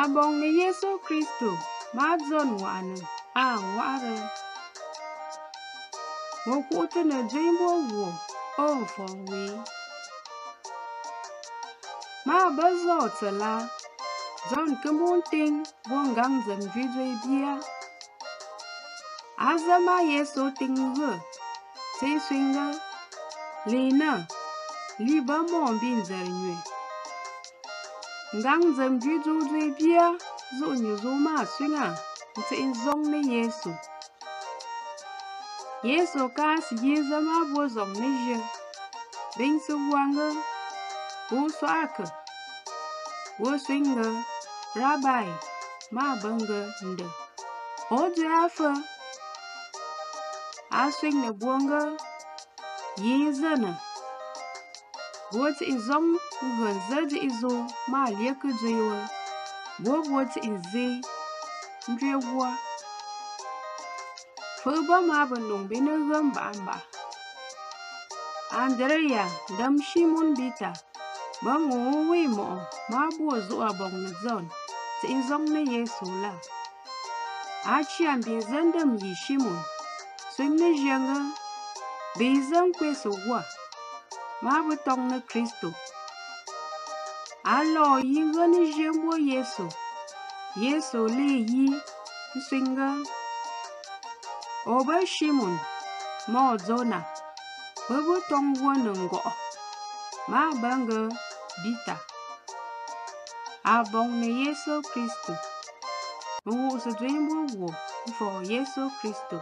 Abɔŋ ni Yesu Kristo ma dɔn wɔɣani a wahiri ŋun kuɣu ti ni duɣimbu o ni pɔbi wee maa bɛ zooti la dɔn ka wuntaŋ wun gaŋ ma yeso bia a zama Yesu tiŋgi teesingi leena li bɛ Ngam zem ji ju ju bia, zu ni zu ma swinga, nti zong ni Yesu. Yesu ka si ye zama bo zong ni jing. Bing su wanga, bu swaka. Bu swinga, rabai, ma banga nda. O du afa. A swinga buanga, ye zana. What is zom vanzaji izo ma lieka jaiwa. What what is ze ndrewa. Fulba ma ban lumbi na zamba amba. Andrea dam shimon bita. Ban wuwi mo ma buwa zuwa ban na zon. Ti izong na yesu la. bin shimon. mawe tong'ne Kristo. Alo ying'eni jembo Yesu. Yesu le yi nsinga. Oba Shimon ma ozona. Bebo wona ngo. Ma bange bita. Abong ne Yesu Kristo. Nwo so dwembo wo for Yesu Kristo.